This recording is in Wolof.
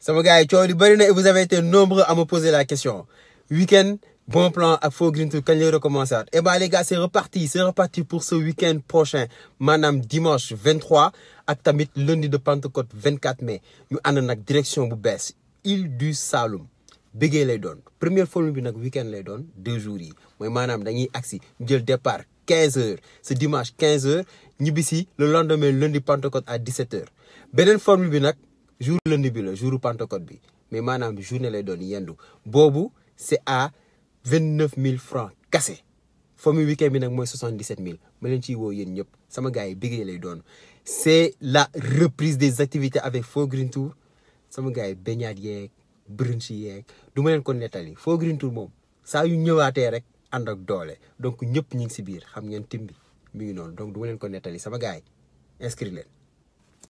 sama gars yi coow bëri na et vous avez été nombreux à me poser la question week-end bon plan ak Faux Green Tour kañ lay recommencer waat et eh bien les gars c'est reparti c'est reparti pour ce week-end prochain maanaam dimanche 23 ak tamit lundi de Pentecôte 24 mai ñu ànd nag direction bu bees île du Saloum bëggee lay doon première formule bi nag week-end lay doon deux jours yi mooy maanaam dañuy agsi jël départ 15 heures ce dimanche quinze heures ñibbisi le lendemain lundi Pentecôte à 17 heures beneen formule bi nag. jour lundi bi la jour Pentecôte bi mais maanaam journée lay doon yendu boobu c' est à vingt neuf mille francs kase famille week-end bi nag mooy soixante dix sept mille ma leen ciy woo yéen ñëpp sama gars yi bëggee lay doon c' est la reprise des activités avec Faux Green Tour sama gars yi beñaat yeeg brunch yeeg du ma leen ko nettali Faux Green Tour moom saa yu ñëwaatee rek ànd ak doole donc ñëpp ñu ngi si biir xam ngeen tim bi mi ngi noonu donc du ma leen ko nettali sama gars yi inscrit leen